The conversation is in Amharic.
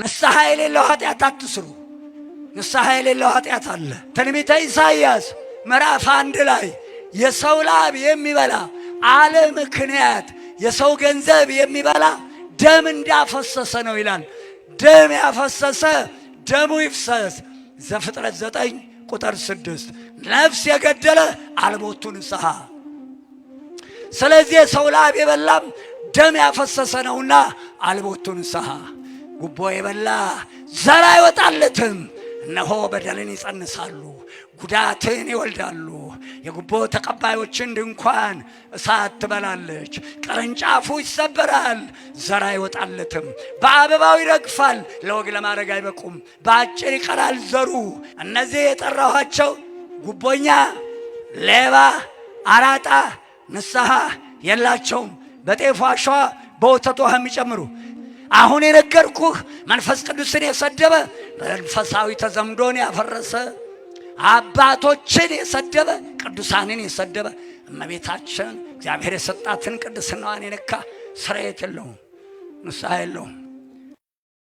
ንስሐ የሌለው ኃጢአት አትስሩ። ንስሐ የሌለው ኃጢአት አለ። ትንቢተ ኢሳይያስ ምዕራፍ አንድ ላይ የሰው ላብ የሚበላ አለ ምክንያት የሰው ገንዘብ የሚበላ ደም እንዳፈሰሰ ነው ይላል። ደም ያፈሰሰ ደሙ ይፍሰስ። ዘፍጥረት ዘጠኝ ቁጥር ስድስት ነፍስ የገደለ አልቦቱ ንስሐ። ስለዚህ የሰው ላብ የበላም ደም ያፈሰሰ ነውና አልቦቱ ንስሐ ጉቦ የበላ ዘር አይወጣለትም። እነሆ በደልን ይጸንሳሉ፣ ጉዳትን ይወልዳሉ። የጉቦ ተቀባዮችን ድንኳን እሳት ትበላለች፣ ቅርንጫፉ ይሰበራል፣ ዘር አይወጣለትም። በአበባው ይረግፋል፣ ለወግ ለማድረግ አይበቁም፣ በአጭር ይቀራል ዘሩ። እነዚህ የጠራኋቸው ጉቦኛ፣ ሌባ፣ አራጣ ንስሐ የላቸውም። በጤፏ አሸዋ በወተቷ የሚጨምሩ አሁን የነገርኩህ መንፈስ ቅዱስን የሰደበ መንፈሳዊ ተዘምዶን ያፈረሰ አባቶችን የሰደበ ቅዱሳንን የሰደበ እመቤታችን እግዚአብሔር የሰጣትን ቅድስናዋን የነካ ስርየት የለውም፣ ንስሐ የለውም።